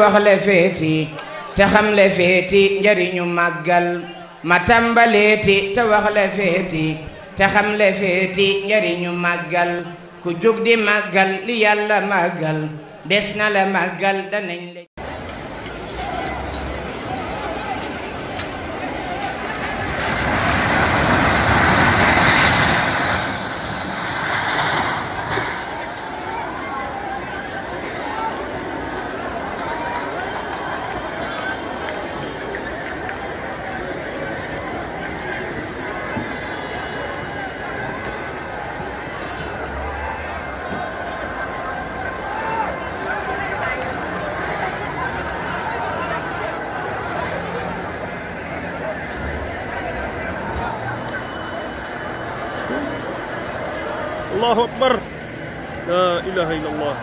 wax le feeti te xam le feeti njariñu màggal ma tàmbaleeti te wax le feeti te xam le feeti njariñu màggal ku jug di màggal li yàlla maggal des na la màggal danañ la الله أكبر لا إله إلا الله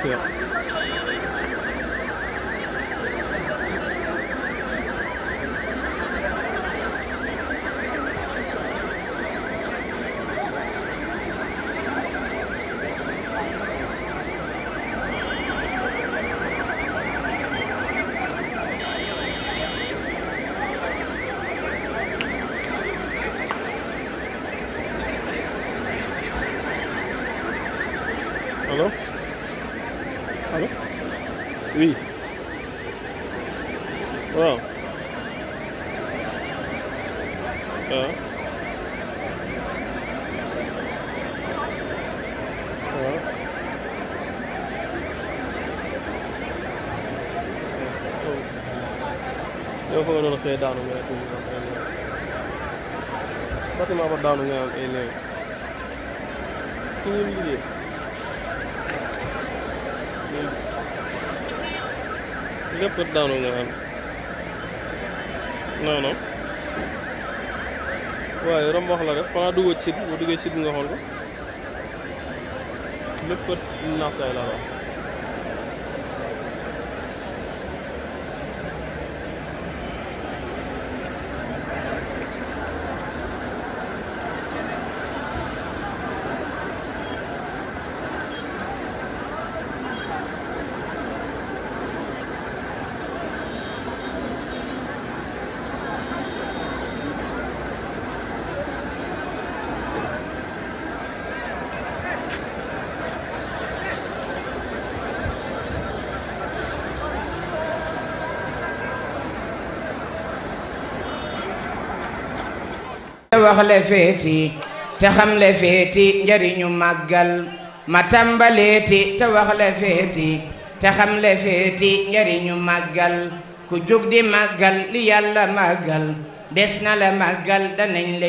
pit. Hello? Oui. Voilà. Voilà. Eu vou fazer dar no meu Bate uma dar no meu lépp daanu nga xam non waaye romb la def xanaa duggoo ci boo duggee ci nga xool ko lépp naax saay la wax te wax le feeti te xam le feeti njariñu màggal ma tàmbaleeti te wax le feeti te xam le feeti njariñu màggal ku jug di màggal li yàlla màggal des na la màggal danañ la